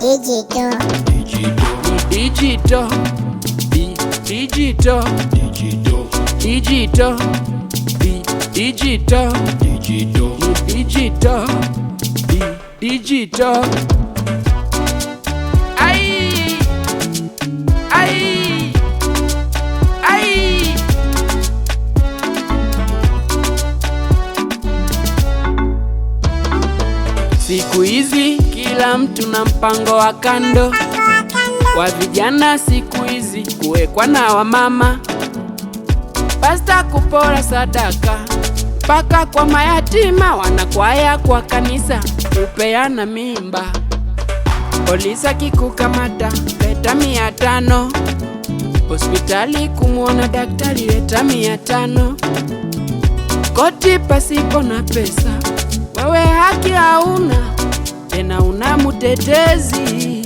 Digital. Digital. Digital. Digital. Digital. Digital. Digital. Siku hizi kila mtu na mpango wa kando kwa vijana siku hizi kuwekwa na wamama, pasta kupora sadaka mpaka kwa mayatima, wanakwaya kwa kanisa kupeana mimba, polisa kikukamata leta mia tano, hospitali kumwona daktari leta mia tano, koti pasipo na pesa wewe haki hauna na una